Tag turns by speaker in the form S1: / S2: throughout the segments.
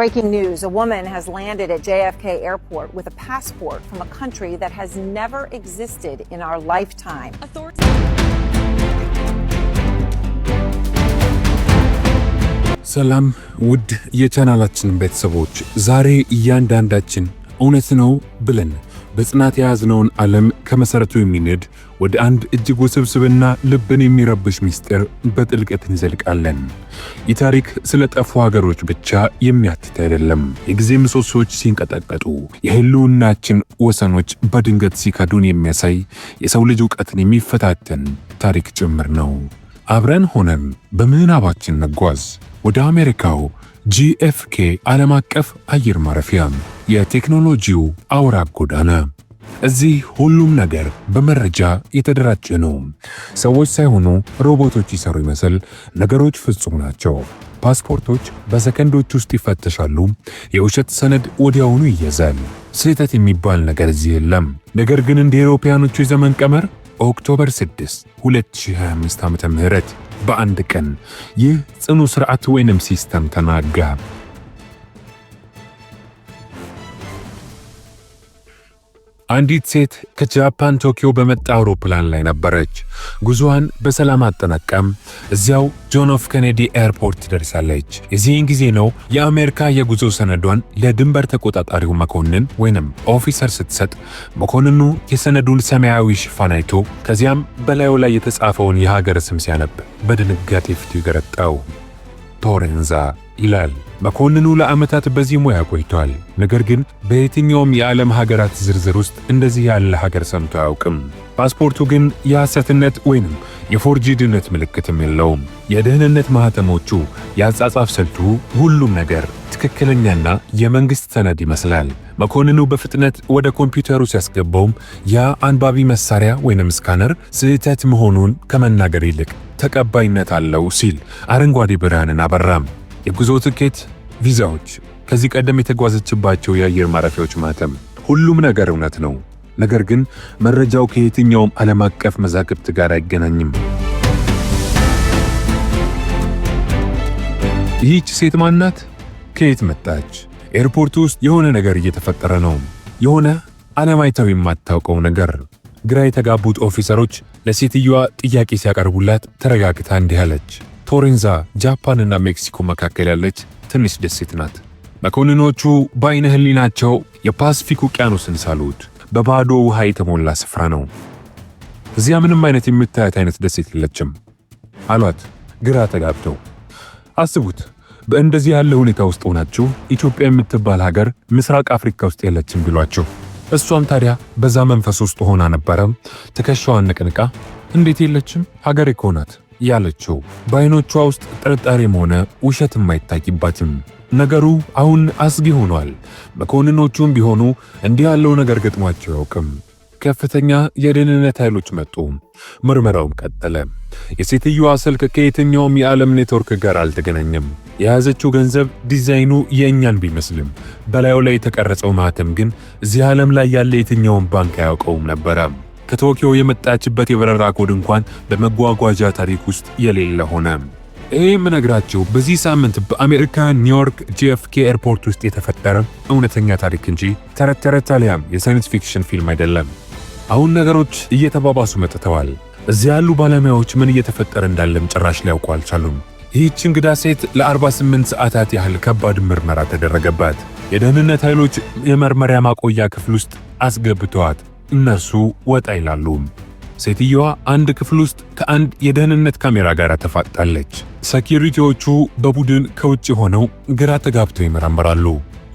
S1: Breaking news a woman has landed at JFK Airport with a passport from a country that has never existed in our lifetime.
S2: ሰላም ውድ የቻናላችን ቤተሰቦች ዛሬ እያንዳንዳችን እውነት ነው ብለን በጽናት የያዝነውን ዓለም ከመሠረቱ የሚንድ ወደ አንድ እጅግ ውስብስብና ልብን የሚረብሽ ምስጢር በጥልቀት እንዘልቃለን። ይህ ታሪክ ስለ ጠፉ ሀገሮች ብቻ የሚያትት አይደለም። የጊዜ ምሰሶዎች ሲንቀጠቀጡ፣ የህልውናችን ወሰኖች በድንገት ሲከዱን የሚያሳይ የሰው ልጅ እውቀትን የሚፈታተን ታሪክ ጭምር ነው። አብረን ሆነን በምናባችን መጓዝ ወደ አሜሪካው ጂኤፍኬ ዓለም አቀፍ አየር ማረፊያ የቴክኖሎጂው አውራ ጎዳና እዚህ ሁሉም ነገር በመረጃ የተደራጀ ነው። ሰዎች ሳይሆኑ ሮቦቶች ይሰሩ ይመስል ነገሮች ፍጹም ናቸው። ፓስፖርቶች በሰከንዶች ውስጥ ይፈተሻሉ። የውሸት ሰነድ ወዲያውኑ ይያዛል። ስህተት የሚባል ነገር እዚህ የለም። ነገር ግን እንደ አውሮፓውያኖቹ የዘመን ቀመር ኦክቶበር 6 2025 ዓ.ም በአንድ ቀን ይህ ጽኑ ስርዓት ወይንም ሲስተም ተናጋ። አንዲት ሴት ከጃፓን ቶኪዮ በመጣ አውሮፕላን ላይ ነበረች። ጉዞዋን በሰላም አጠናቀም እዚያው ጆን ኦፍ ኬኔዲ ኤርፖርት ደርሳለች። የዚህን ጊዜ ነው የአሜሪካ የጉዞ ሰነዷን ለድንበር ተቆጣጣሪው መኮንን ወይንም ኦፊሰር ስትሰጥ፣ መኮንኑ የሰነዱን ሰማያዊ ሽፋን አይቶ ከዚያም በላዩ ላይ የተጻፈውን የሀገር ስም ሲያነብ በድንጋጤ ፊቱ ይገረጣው ቶሬንዛ ይላል። መኮንኑ ለዓመታት በዚህ ሙያ ቆይቷል። ነገር ግን በየትኛውም የዓለም ሀገራት ዝርዝር ውስጥ እንደዚህ ያለ ሀገር ሰምቶ አያውቅም። ፓስፖርቱ ግን የሐሰትነት ወይንም የፎርጂድነት ምልክትም የለውም። የደህንነት ማኅተሞቹ፣ የአጻጻፍ ስልቱ፣ ሁሉም ነገር ትክክለኛና የመንግሥት ሰነድ ይመስላል። መኮንኑ በፍጥነት ወደ ኮምፒውተሩ ሲያስገባውም ያ አንባቢ መሳሪያ ወይንም ስካነር ስህተት መሆኑን ከመናገር ይልቅ ተቀባይነት አለው ሲል አረንጓዴ ብርሃንን አበራም። የጉዞ ትኬት ቪዛዎች ከዚህ ቀደም የተጓዘችባቸው የአየር ማረፊያዎች ማተም። ሁሉም ነገር እውነት ነው፣ ነገር ግን መረጃው ከየትኛውም ዓለም አቀፍ መዛግብት ጋር አይገናኝም። ይህች ሴት ማናት? ከየት መጣች? ኤርፖርት ውስጥ የሆነ ነገር እየተፈጠረ ነው። የሆነ ዓለማይታዊ የማታውቀው ነገር። ግራ የተጋቡት ኦፊሰሮች ለሴትዮዋ ጥያቄ ሲያቀርቡላት ተረጋግታ እንዲህ አለች። ፎሬንዛ ጃፓንና ሜክሲኮ መካከል ያለች ትንሽ ደሴት ናት። መኮንኖቹ በአይነ ህሊናቸው የፓስፊክ ውቅያኖስን ሳሉት። በባዶ ውሃ የተሞላ ስፍራ ነው። እዚያ ምንም አይነት የምታያት አይነት ደሴት የለችም አሏት ግራ ተጋብተው። አስቡት በእንደዚህ ያለ ሁኔታ ውስጥ ሆናችሁ ኢትዮጵያ የምትባል ሀገር ምስራቅ አፍሪካ ውስጥ የለችም ቢሏችሁ። እሷም ታዲያ በዛ መንፈስ ውስጥ ሆና ነበረም ትከሻዋን ነቅንቃ እንዴት የለችም ሀገር እኮ ናት ያለችው። በአይኖቿ ውስጥ ጥርጣሬም ሆነ ውሸትም አይታይባትም። ነገሩ አሁን አስጊ ሆኗል። መኮንኖቹም ቢሆኑ እንዲህ ያለው ነገር ገጥሟቸው አያውቅም። ከፍተኛ የደህንነት ኃይሎች መጡ። ምርመራውም ቀጠለ። የሴትዮዋ ስልክ ከየትኛውም የዓለም ኔትወርክ ጋር አልተገናኘም። የያዘችው ገንዘብ ዲዛይኑ የእኛን ቢመስልም በላዩ ላይ የተቀረጸው ማህተም ግን እዚህ ዓለም ላይ ያለ የትኛውን ባንክ አያውቀውም ነበረ። ከቶኪዮ የመጣችበት የበረራ ኮድ እንኳን በመጓጓዣ ታሪክ ውስጥ የሌለ ሆነ። ይህ የምነግራችሁ በዚህ ሳምንት በአሜሪካ ኒውዮርክ ጂኤፍኬ ኤርፖርት ውስጥ የተፈጠረ እውነተኛ ታሪክ እንጂ ተረት ተረት አሊያም የሳይንስ ፊክሽን ፊልም አይደለም። አሁን ነገሮች እየተባባሱ መጥተዋል። እዚያ ያሉ ባለሙያዎች ምን እየተፈጠረ እንዳለም ጭራሽ ሊያውቁ አልቻሉም። ይህች እንግዳ ሴት ለ48 ሰዓታት ያህል ከባድ ምርመራ ተደረገባት። የደህንነት ኃይሎች የመርመሪያ ማቆያ ክፍል ውስጥ አስገብተዋት እነርሱ ወጣ ይላሉ። ሴትየዋ አንድ ክፍል ውስጥ ከአንድ የደህንነት ካሜራ ጋር ተፋጣለች። ሴኪሪቲዎቹ በቡድን ከውጭ ሆነው ግራ ተጋብተው ይመረምራሉ።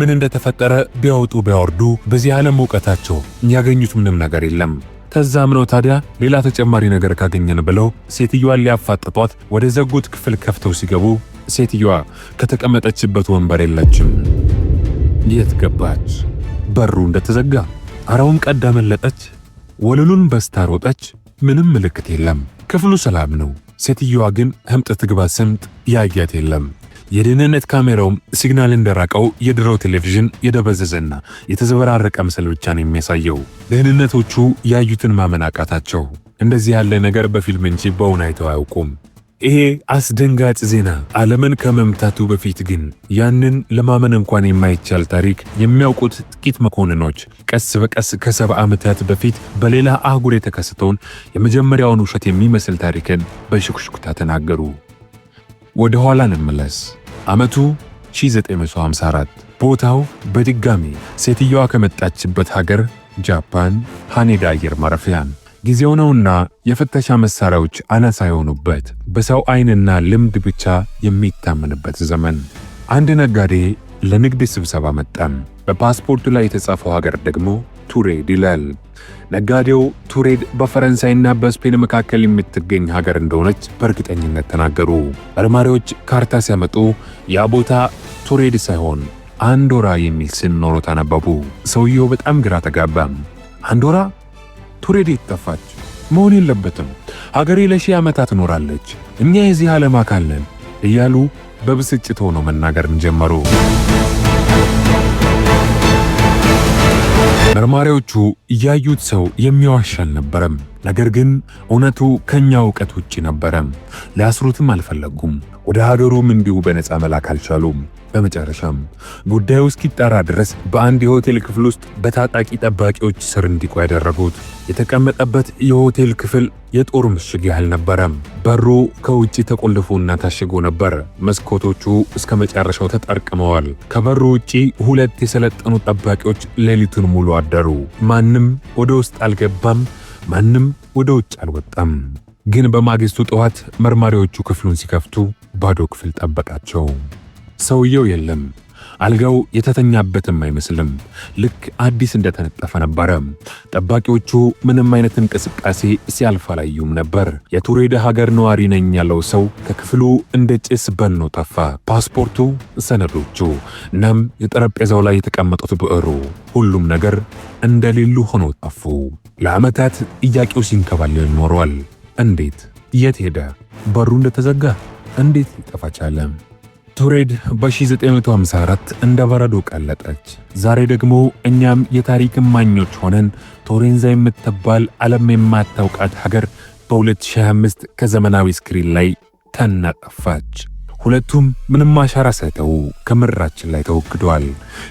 S2: ምን እንደተፈጠረ ቢያወጡ ቢያወርዱ በዚህ ዓለም እውቀታቸው ያገኙት ምንም ነገር የለም። ከዛም ነው ታዲያ ሌላ ተጨማሪ ነገር ካገኘን ብለው ሴትዮዋን ሊያፋጥጧት ወደ ዘጉት ክፍል ከፍተው ሲገቡ ሴትዮዋ ከተቀመጠችበት ወንበር የለችም። የት ገባች? በሩ እንደተዘጋ አራውም ቀዳ መለጠች። ወለሉን በስታ ሮጠች። ምንም ምልክት የለም። ክፍሉ ሰላም ነው። ሴትየዋ ግን ህምጥ ትግባ ስምጥ ያያት የለም። የደህንነት ካሜራውም ሲግናል እንደራቀው የድሮው ቴሌቪዥን የደበዘዘና የተዘበራረቀ ምስል ብቻ ነው የሚያሳየው። ደህንነቶቹ ያዩትን ማመን አቃታቸው። እንደዚህ ያለ ነገር በፊልም እንጂ በእውን አይተው አያውቁም። ይሄ አስደንጋጭ ዜና ዓለምን ከመምታቱ በፊት ግን ያንን ለማመን እንኳን የማይቻል ታሪክ የሚያውቁት ጥቂት መኮንኖች ቀስ በቀስ ከሰባ ዓመታት በፊት በሌላ አህጉር የተከሰተውን የመጀመሪያውን ውሸት የሚመስል ታሪክን በሽኩሽኩታ ተናገሩ። ወደ ኋላ እንመለስ። ዓመቱ 1954፣ ቦታው በድጋሚ ሴትየዋ ከመጣችበት ሀገር ጃፓን ሃኔዳ አየር ማረፊያ ጊዜው ነውና የፍተሻ መሳሪያዎች አናሳ የሆኑበት በሰው ዓይንና ልምድ ብቻ የሚታመንበት ዘመን። አንድ ነጋዴ ለንግድ ስብሰባ መጣም። በፓስፖርቱ ላይ የተጻፈው ሀገር ደግሞ ቱሬድ ይላል። ነጋዴው ቱሬድ በፈረንሳይና በስፔን መካከል የምትገኝ ሀገር እንደሆነች በእርግጠኝነት ተናገሩ። መርማሪዎች ካርታ ሲያመጡ ያ ቦታ ቱሬድ ሳይሆን አንዶራ የሚል ስም ኖሮት አነበቡ። ሰውየው በጣም ግራ ተጋባም። አንዶራ ቱሬዴት ጠፋች። መሆን የለበትም ሀገሬ ለሺህ ዓመታት ትኖራለች፣ እኛ የዚህ ዓለም አካል ነን እያሉ በብስጭት ሆኖ መናገርን ጀመሩ። መርማሪዎቹ እያዩት ሰው የሚዋሽ አልነበረም። ነገር ግን እውነቱ ከእኛ እውቀት ውጭ ነበረ። ሊያስሩትም አልፈለጉም። ወደ ሀገሩም እንዲሁ በነፃ መላክ አልቻሉም። በመጨረሻም ጉዳዩ እስኪጣራ ድረስ በአንድ የሆቴል ክፍል ውስጥ በታጣቂ ጠባቂዎች ስር እንዲቆ ያደረጉት። የተቀመጠበት የሆቴል ክፍል የጦር ምሽግ ያህል ነበረ። በሩ ከውጭ ተቆልፎና ታሽጎ ነበር። መስኮቶቹ እስከ መጨረሻው ተጠርቅመዋል። ከበሩ ውጪ ሁለት የሰለጠኑ ጠባቂዎች ሌሊቱን ሙሉ አደሩ። ማንም ወደ ውስጥ አልገባም። ማንም ወደ ውጭ አልወጣም። ግን በማግስቱ ጠዋት መርማሪዎቹ ክፍሉን ሲከፍቱ ባዶ ክፍል ጠበቃቸው። ሰውየው የለም። አልጋው የተተኛበትም አይመስልም። ልክ አዲስ እንደተነጠፈ ነበረ። ጠባቂዎቹ ምንም አይነት እንቅስቃሴ ሲያልፍ አላዩም ነበር። የቱሬደ ሀገር ነዋሪ ነኝ ያለው ሰው ከክፍሉ እንደ ጭስ በኖ ጠፋ። ፓስፖርቱ፣ ሰነዶቹ፣ እናም የጠረጴዛው ላይ የተቀመጡት ብዕሩ፣ ሁሉም ነገር እንደሌሉ ሆኖ ጠፉ። ለዓመታት ጥያቄው ሲንከባለል ኖሯል። እንዴት? የት ሄደ? በሩ እንደተዘጋ እንዴት ሊጠፋ ቱሬድ በ1954 እንደ በረዶ ቀለጠች። ዛሬ ደግሞ እኛም የታሪክ እማኞች ሆነን ቶሬንዛ የምትባል ዓለም የማታውቃት ሀገር በ2025 ከዘመናዊ ስክሪን ላይ ተናጠፋች። ሁለቱም ምንም አሻራ ሳይተዉ ከምድራችን ላይ ተወግደዋል።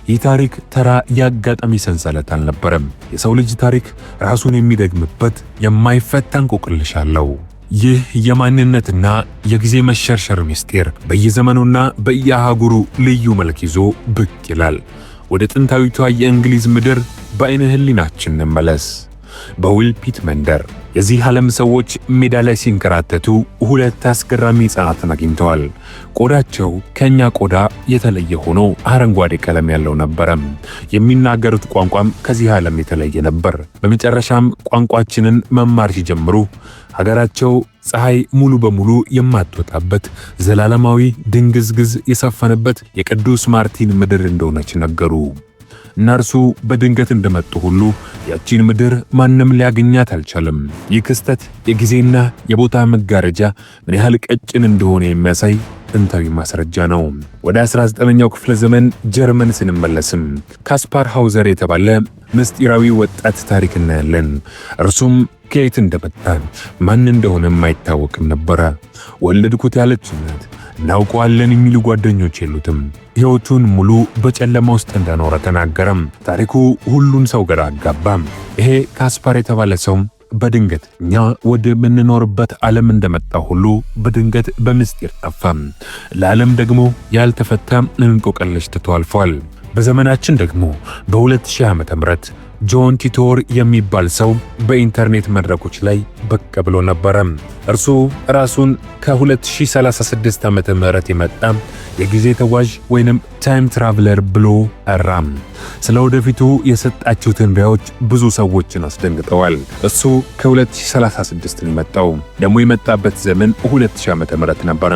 S2: ይህ ታሪክ ተራ የአጋጣሚ ሰንሰለት አልነበረም። የሰው ልጅ ታሪክ ራሱን የሚደግምበት የማይፈታ እንቆቅልሽ አለው። ይህ የማንነትና የጊዜ መሸርሸር ምስጢር በየዘመኑና በየአህጉሩ ልዩ መልክ ይዞ ብቅ ይላል። ወደ ጥንታዊቷ የእንግሊዝ ምድር በአይነ ህሊናችን እንመለስ። በውልፒት መንደር የዚህ ዓለም ሰዎች ሜዳ ላይ ሲንከራተቱ ሁለት አስገራሚ ሕፃናትን አግኝተዋል። ቆዳቸው ከእኛ ቆዳ የተለየ ሆኖ አረንጓዴ ቀለም ያለው ነበረ። የሚናገሩት ቋንቋም ከዚህ ዓለም የተለየ ነበር። በመጨረሻም ቋንቋችንን መማር ሲጀምሩ ሀገራቸው ፀሐይ ሙሉ በሙሉ የማትወጣበት ዘላለማዊ ድንግዝግዝ የሰፈነበት የቅዱስ ማርቲን ምድር እንደሆነች ነገሩ። እና እርሱ በድንገት እንደመጡ ሁሉ ያቺን ምድር ማንም ሊያገኛት አልቻለም። ይህ ክስተት የጊዜና የቦታ መጋረጃ ምን ያህል ቀጭን እንደሆነ የሚያሳይ ጥንታዊ ማስረጃ ነው። ወደ 19ኛው ክፍለ ዘመን ጀርመን ስንመለስም ካስፓር ሃውዘር የተባለ ምስጢራዊ ወጣት ታሪክ እናያለን። እርሱም ከየት እንደመጣ ማን እንደሆነም አይታወቅም ነበረ። ወለድኩት ያለች እናት እናውቀዋለን የሚሉ ጓደኞች የሉትም። ሕይወቱን ሙሉ በጨለማ ውስጥ እንደኖረ ተናገረም። ታሪኩ ሁሉን ሰው ግራ አጋባም። ይሄ ካስፓር የተባለ ሰው በድንገት እኛ ወደምንኖርበት ዓለም እንደመጣ ሁሉ በድንገት በምስጢር ጠፋም። ለዓለም ደግሞ ያልተፈታ እንቆቅልሽ ትቶ አልፏል። በዘመናችን ደግሞ በ2000 ዓ.ም ጆን ቲቶር የሚባል ሰው በኢንተርኔት መድረኮች ላይ ብቅ ብሎ ነበረ። እርሱ ራሱን ከ2036 ም የመጣ የጊዜ ተጓዥ ወይንም ታይም ትራቭለር ብሎ ጠራም። ስለ ወደፊቱ የሰጣቸው ትንበያዎች ብዙ ሰዎችን አስደንግጠዋል። እሱ ከ2036 መጣው ደግሞ የመጣበት ዘመን 2000 ዓመተ ምህረት ነበረ።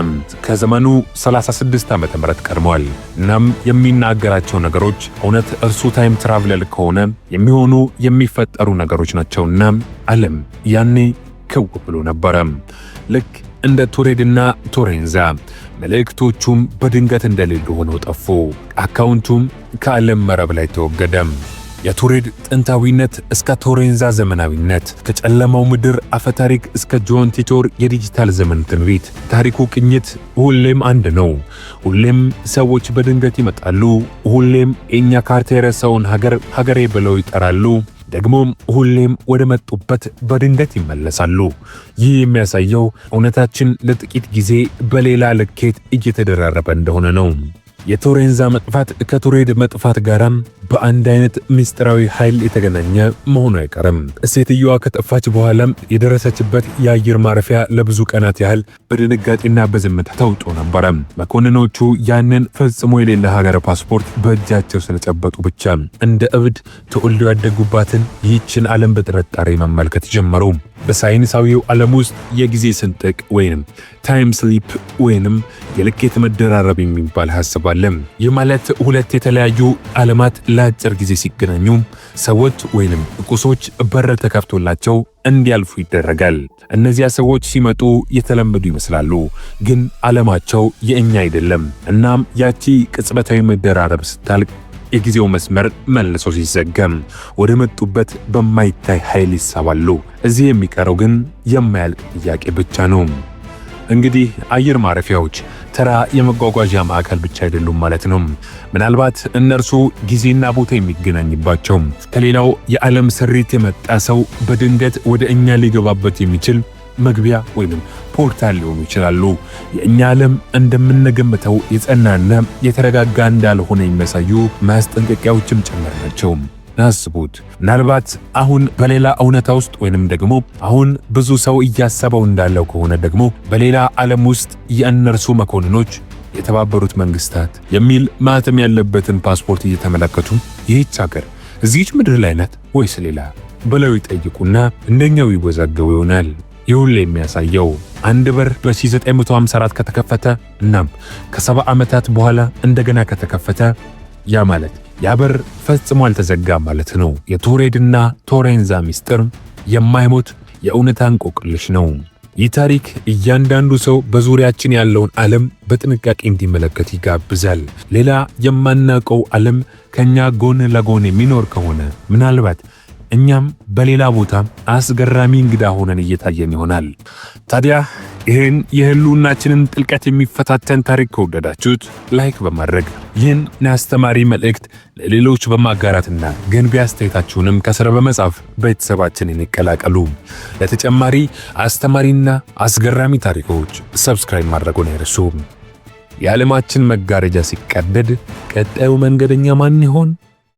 S2: ከዘመኑ 36 ዓመተ ምህረት ቀድመዋል። እናም የሚናገራቸው ነገሮች እውነት እርሱ ታይም ትራቭለር ከሆነ የሚሆኑ የሚፈጠሩ ነገሮች ናቸውና ዓለም ያኔ ክው ብሎ ነበረ ልክ እንደ ቶሬድና ቶሬንዛ መልእክቶቹም በድንገት እንደሌሉ ሆነው ጠፉ። አካውንቱም ከዓለም መረብ ላይ ተወገደም። የቱሬድ ጥንታዊነት እስከ ቶሬንዛ ዘመናዊነት፣ ከጨለማው ምድር አፈታሪክ እስከ ጆን ቲቶር የዲጂታል ዘመን ትንቢት፣ ታሪኩ ቅኝት ሁሌም አንድ ነው። ሁሌም ሰዎች በድንገት ይመጣሉ። ሁሌም የእኛ ካርታ የረሳውን ሀገር ሀገሬ ብለው ይጠራሉ። ደግሞም ሁሌም ወደ መጡበት በድንገት ይመለሳሉ። ይህ የሚያሳየው እውነታችን ለጥቂት ጊዜ በሌላ ልኬት እየተደራረበ እንደሆነ ነው። የቶሬንዛ መጥፋት ከቱሬድ መጥፋት ጋራም በአንድ አይነት ምስጢራዊ ኃይል የተገናኘ መሆኑ አይቀርም። ሴትየዋ ከጠፋች በኋላም የደረሰችበት የአየር ማረፊያ ለብዙ ቀናት ያህል በድንጋጤና በዝምታ ተውጦ ነበረ። መኮንኖቹ ያንን ፈጽሞ የሌለ ሀገር ፓስፖርት በእጃቸው ስለጨበጡ ብቻ እንደ እብድ ተወልደው ያደጉባትን ይህችን ዓለም በጥርጣሬ መመልከት ጀመሩ። በሳይንሳዊው ዓለም ውስጥ የጊዜ ስንጥቅ ወይንም ታይም ስሊፕ ወይንም የልኬት መደራረብ የሚባል ሐሳብ አለ። ይህ ማለት ሁለት የተለያዩ ዓለማት ለአጭር ጊዜ ሲገናኙ ሰዎች ወይንም ቁሶች በር ተከፍቶላቸው እንዲያልፉ ይደረጋል። እነዚያ ሰዎች ሲመጡ የተለመዱ ይመስላሉ፣ ግን ዓለማቸው የእኛ አይደለም። እናም ያቺ ቅጽበታዊ መደራረብ ስታልቅ የጊዜው መስመር መልሶ ሲዘገም ወደ መጡበት በማይታይ ኃይል ይሳባሉ። እዚህ የሚቀረው ግን የማያልቅ ጥያቄ ብቻ ነው። እንግዲህ አየር ማረፊያዎች ተራ የመጓጓዣ ማዕከል ብቻ አይደሉም ማለት ነው። ምናልባት እነርሱ ጊዜና ቦታ የሚገናኝባቸው ከሌላው የዓለም ስሪት የመጣ ሰው በድንገት ወደ እኛ ሊገባበት የሚችል መግቢያ ወይም ፖርታል ሊሆኑ ይችላሉ። የእኛ ዓለም እንደምንገምተው የጸናና የተረጋጋ እንዳልሆነ የሚያሳዩ ማስጠንቀቂያዎችም ጭምር ናቸው። አስቡት። ምናልባት አሁን በሌላ እውነታ ውስጥ ወይንም ደግሞ አሁን ብዙ ሰው እያሰበው እንዳለው ከሆነ ደግሞ በሌላ ዓለም ውስጥ የእነርሱ መኮንኖች የተባበሩት መንግስታት የሚል ማተም ያለበትን ፓስፖርት እየተመለከቱ ይህች ሀገር እዚህች ምድር ላይ ናት ወይስ ሌላ ብለው ይጠይቁና እንደኛው ይወዛገቡ ይሆናል። ይህ የሚያሳየው አንድ በር በ1954 ከተከፈተ እናም ከሰባ ዓመታት በኋላ እንደገና ከተከፈተ ያ ማለት ያ በር ፈጽሞ አልተዘጋ ማለት ነው። የቱሬድና ቶሬንዛ ሚስጥር የማይሞት የእውነታ እንቆቅልሽ ነው። ይህ ታሪክ እያንዳንዱ ሰው በዙሪያችን ያለውን ዓለም በጥንቃቄ እንዲመለከት ይጋብዛል። ሌላ የማናውቀው ዓለም ከእኛ ጎን ለጎን የሚኖር ከሆነ ምናልባት እኛም በሌላ ቦታ አስገራሚ እንግዳ ሆነን እየታየን ይሆናል። ታዲያ ይህን የህልውናችንን ጥልቀት የሚፈታተን ታሪክ ከወደዳችሁት ላይክ በማድረግ ይህን አስተማሪ መልእክት ለሌሎች በማጋራትና ገንቢ አስተያየታችሁንም ከስር በመጻፍ ቤተሰባችን ይቀላቀሉ። ለተጨማሪ አስተማሪና አስገራሚ ታሪኮች ሰብስክራይብ ማድረጉን አይርሱ። የዓለማችን መጋረጃ ሲቀደድ ቀጣዩ መንገደኛ ማን ይሆን?